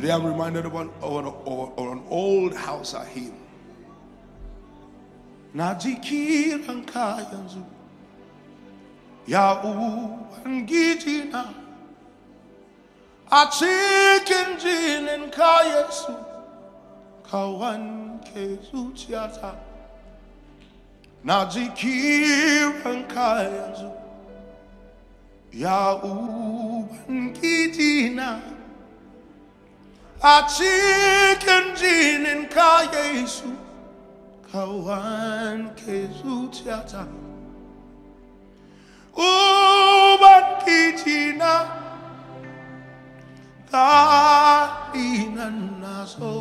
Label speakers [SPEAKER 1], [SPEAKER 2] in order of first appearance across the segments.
[SPEAKER 1] Today I'm reminded of an, of, an, of an old house I hymn. Najikiran kayanzu ya ubangiji na a cikin jinin kayansu ka wanke zuciyata Najikiran kayanzu ya ubangiji na achikenjini nka yesu kawankezuthatha ubankithina kalina naso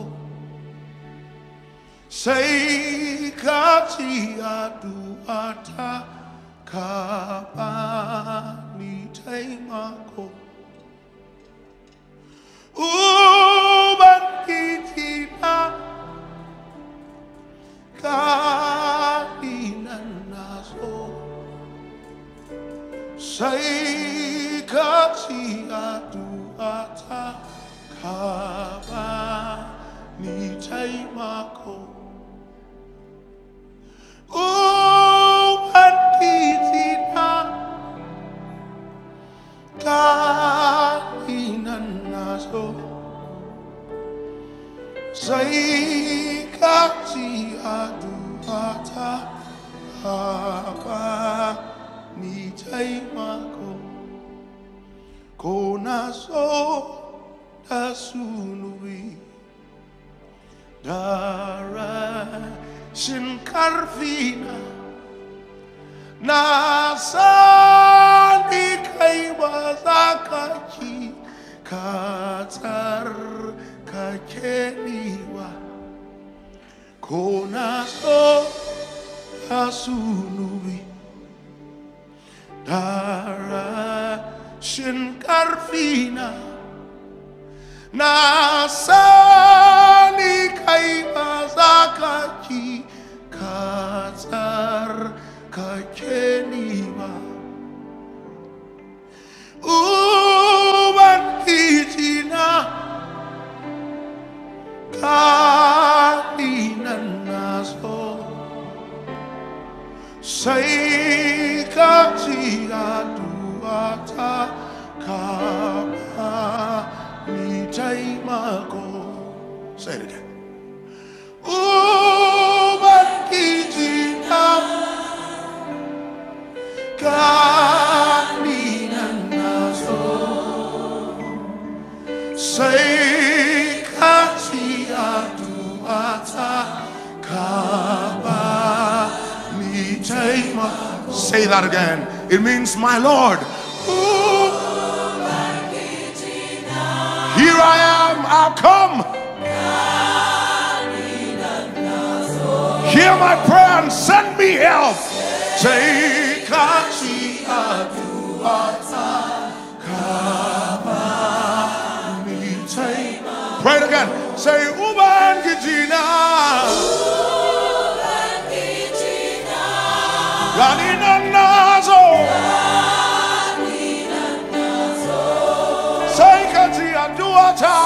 [SPEAKER 1] seikhathi aduata kabanitheimakho kainan na so sa ikasya duata ata ni taimako o pati na kainan na so sa ikasya láti àdúrà àbá níjẹ́ ni kò náà sọ dásùnúwì dára ṣìnkárfìnà karvina kai ba za ka ki katar tsar Kona Konato asunubi Dara shinkarfina Nasani kaibazakachi Katsar kacheniba Uban kijina Katsar Say it again. say that again. It means, My Lord. Here I am, I'll come. Hear my prayer and send me help. Pray it again. Say, Uban Gijina. Ranina nazo. Ranina nazo. Say kati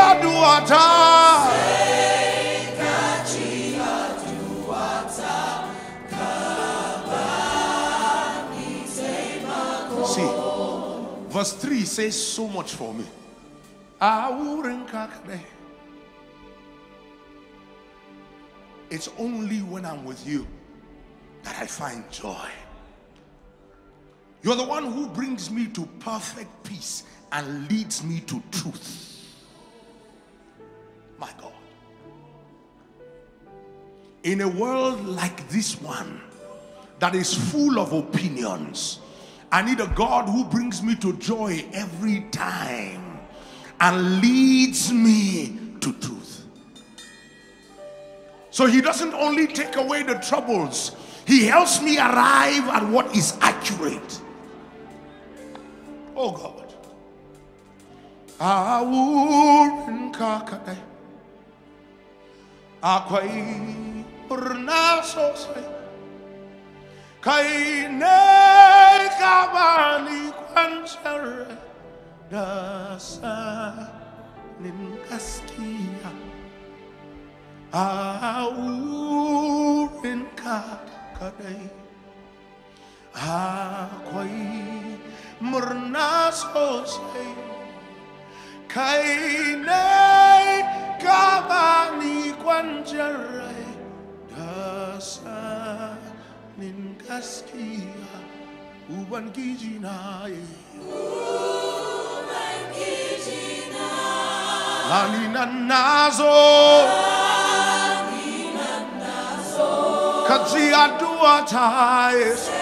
[SPEAKER 1] aduata. See, verse 3 says so much for me. It's only when I'm with you that I find joy. You're the one who brings me to perfect peace and leads me to truth. My God. In a world like this one that is full of opinions, I need a God who brings me to joy every time and leads me to truth. So he doesn't only take away the troubles, he helps me arrive at what is accurate. Oh God. Awurin kakae. Akwai urnasose. Kaine kabani kwanchere. Dasa ningaskia. Awurin kakae. Akwai murnas Jose kainai kamani kwanjarai dasa ningaskia uban kijinai uban kijinai lanina nazo lanina nazo kazi aduatais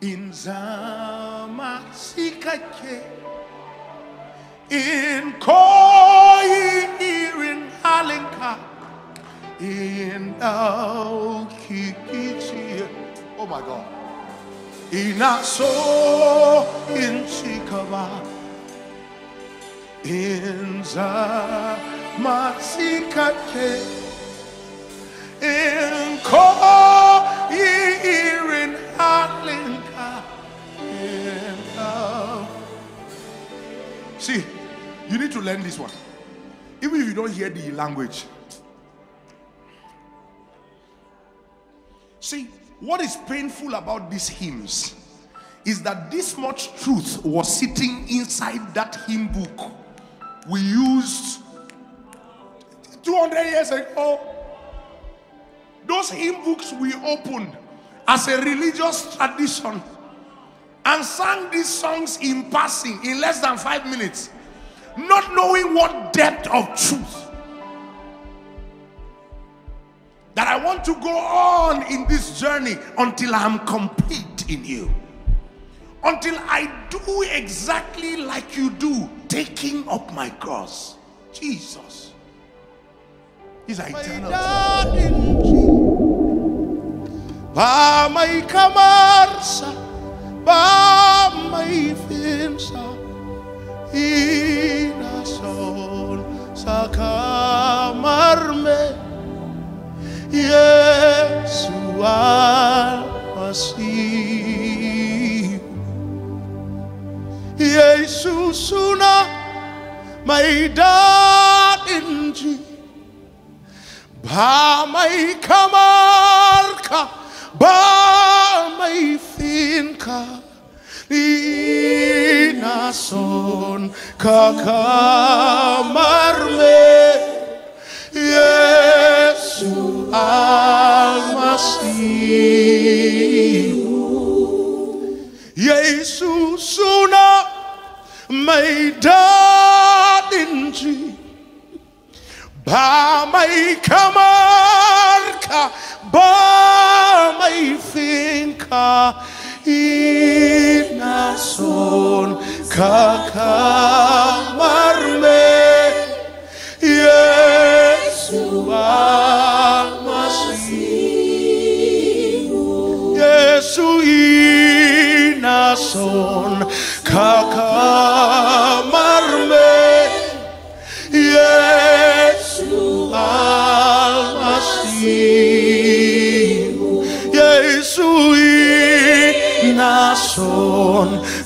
[SPEAKER 1] inzama sikake inkoyi irin halinka inaukikichie oh my god inaso insikaba inzama sikake inkoyi See, you need to learn this one. Even if you don't hear the language. See, what is painful about these hymns is that this much truth was sitting inside that hymn book we used 200 years ago. Those hymn books we opened as a religious tradition and sang these songs in passing in less than five minutes, not knowing what depth of truth. That I want to go on in this journey until I'm complete in you. Until I do exactly like you do, taking up my cross. Jesus. He's eternal. Vad mig finsa i nason sakam ir nason kakao.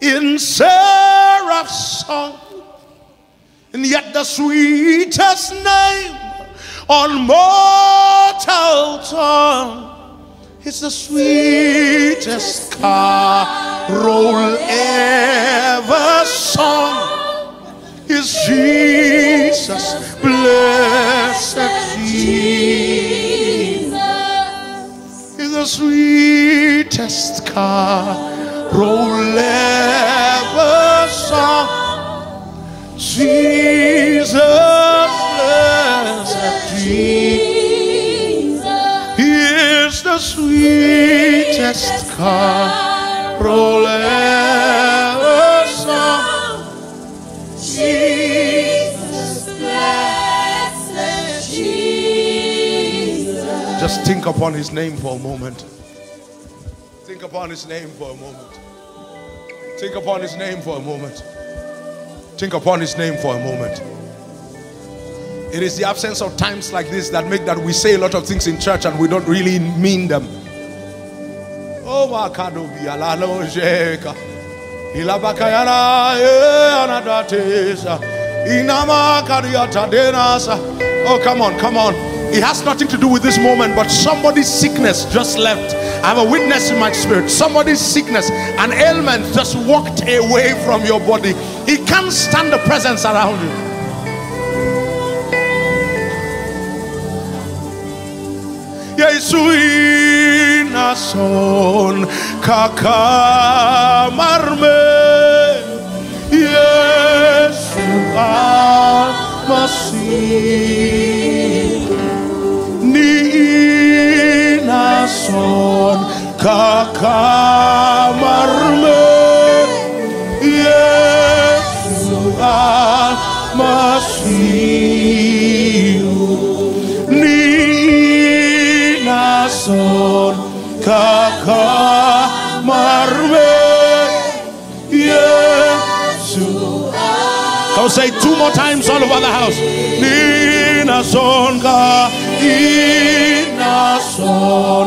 [SPEAKER 1] in seraph song. And yet the sweetest name on mortal tongue is the sweetest carol ever sung. Is Jesus, blessed Jesus, is the sweetest car. Jesus Jesus is the sweetest Jesus Jesus. Just think upon his name for a moment. Think upon his name for a moment. Think upon his name for a moment. Think upon his name for a moment. It is the absence of times like this that make that we say a lot of things in church and we don't really mean them. Oh, oh eh, Inama Oh, come on, come on. It has nothing to do with this moment, but somebody's sickness just left. I have a witness in my spirit. Somebody's sickness, an ailment just walked away from your body. He can't stand the presence around you. Yes, son kakamarme Yesu amasi son ka kamarme Yesu Almasihu ni nason kaka kamarme Yesu Come say two more times all over the house. Nina son ka, Nina son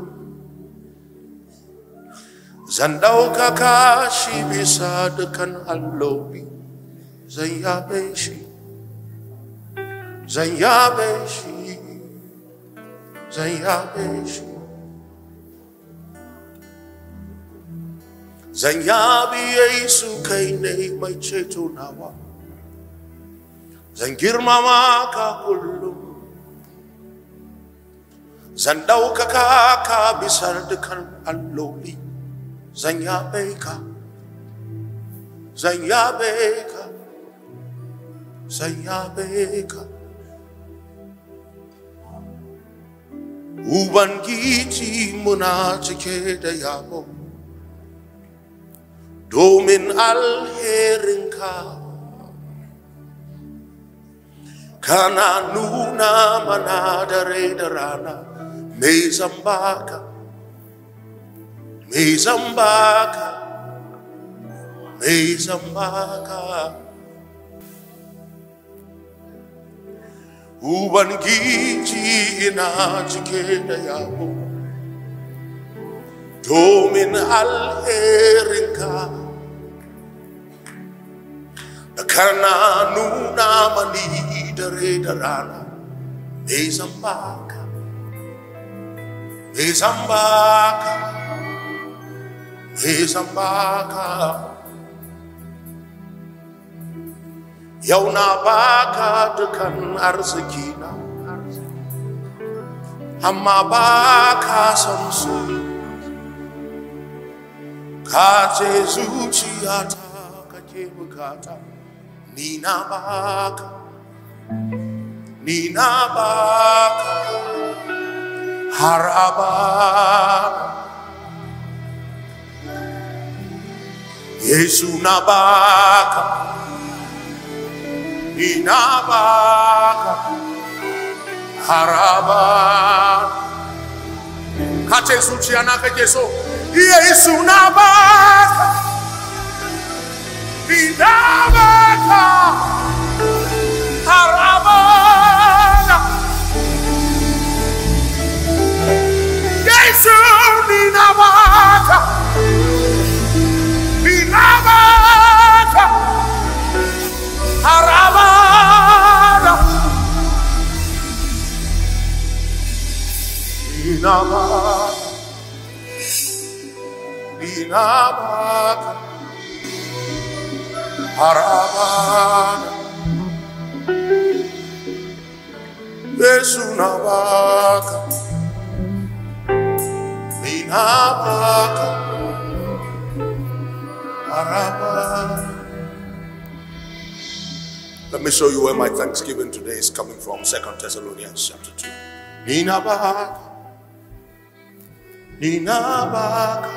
[SPEAKER 1] zan ɗaukaka shi bisa dekan alloli zan yabe shi zan yabe shi zan yabe shi zan yabi yesu kai ne mai ceto nawa zan girmama ka kullum zan ɗaukaka ka bisar dukan alloli Zanyabeka, Zanyabeka, Zanyabeka. Ubangiti munachikeda yabo. Domin alheringa. Kana nuna manada redarana. Mezambaka. Mezambaka, Mezambaka. ina inachikenda yabo Domin alherinka Karna nuna mani dare darana Mezambaka Mezambaka Vizambaka Yau na baka dukan arziki na Amma baka san so Ka ce Ni baka Ni baka Yesu nabaka inabaka haraba kachesu chianaka jeso Yesu nabaka inabaka haraba Yesu inabaka Let me show you where my thanksgiving today is coming from. Second Thessalonians chapter 2 linabaka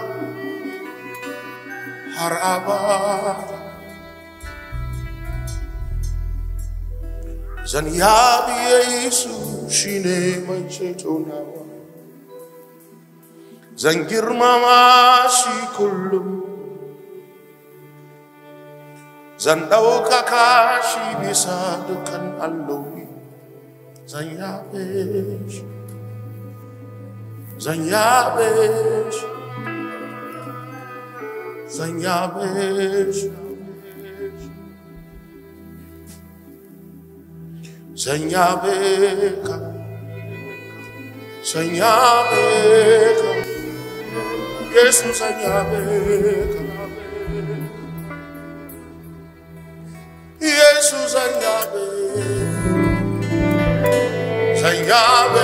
[SPEAKER 1] haraba zaniabi ya Yesu shine mai ceto nawa zan girmama shi kullum shi bisa dukan alloli zan yabe Zanhabes, Zanhabes, Zanhabeca, Zanhabeca, Jesus Zanhabeca, Jesus Zanhabeca, Zanhabeca.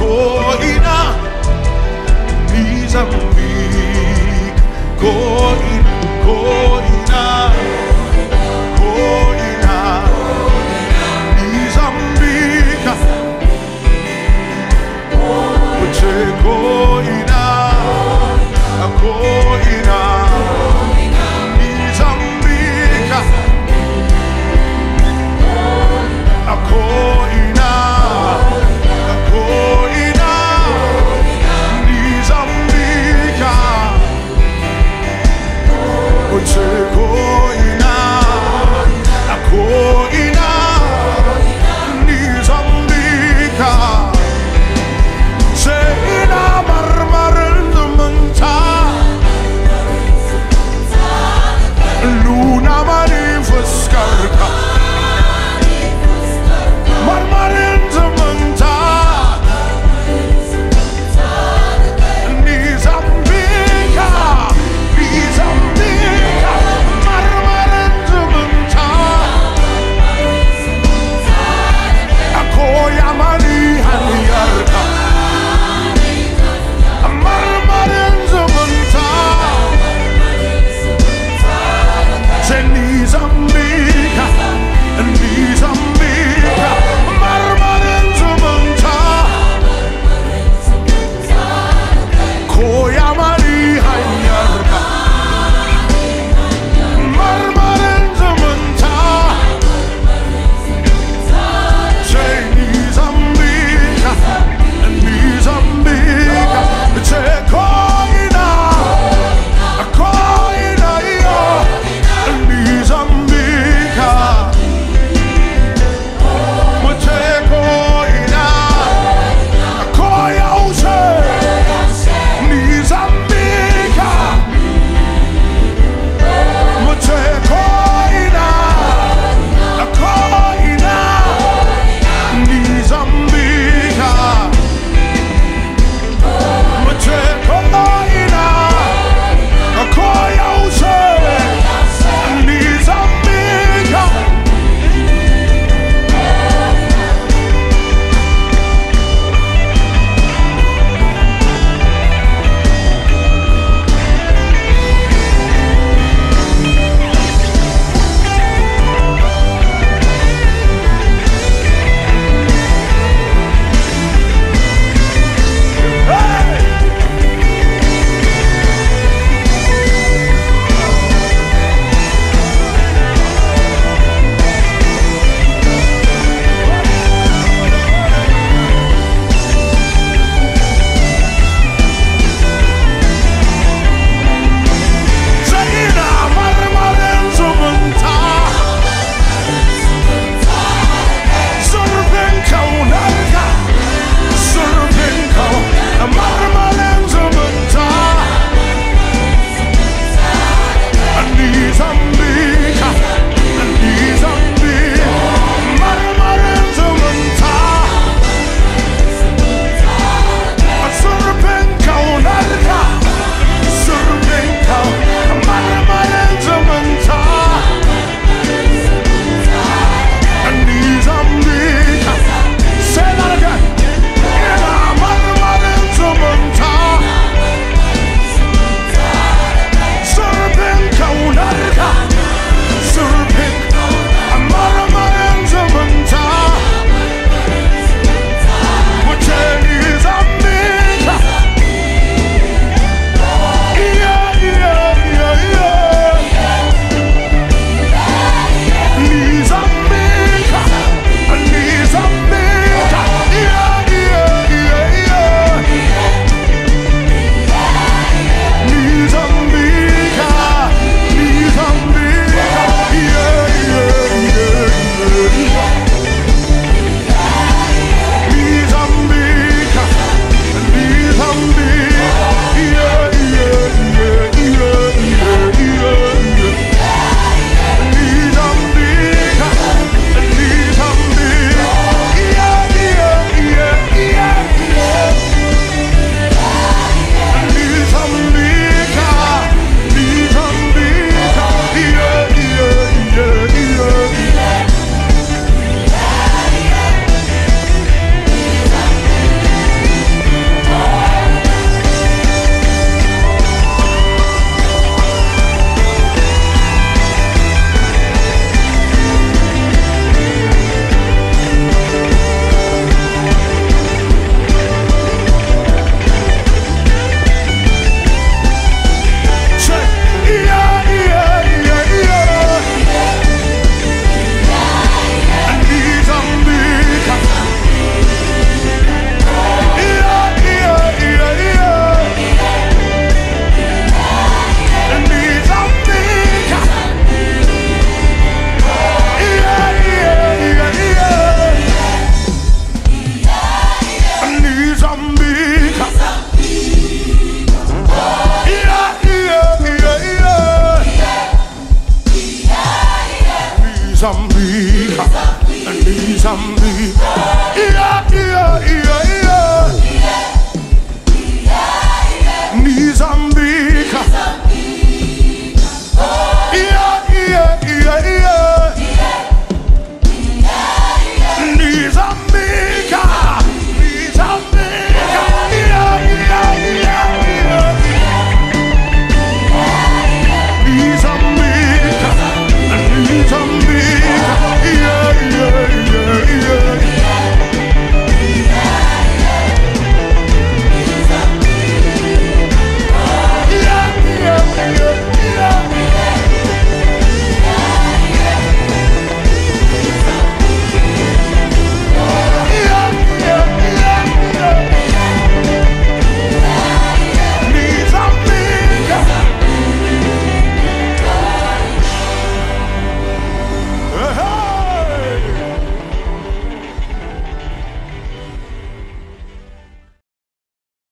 [SPEAKER 1] Go in, go koina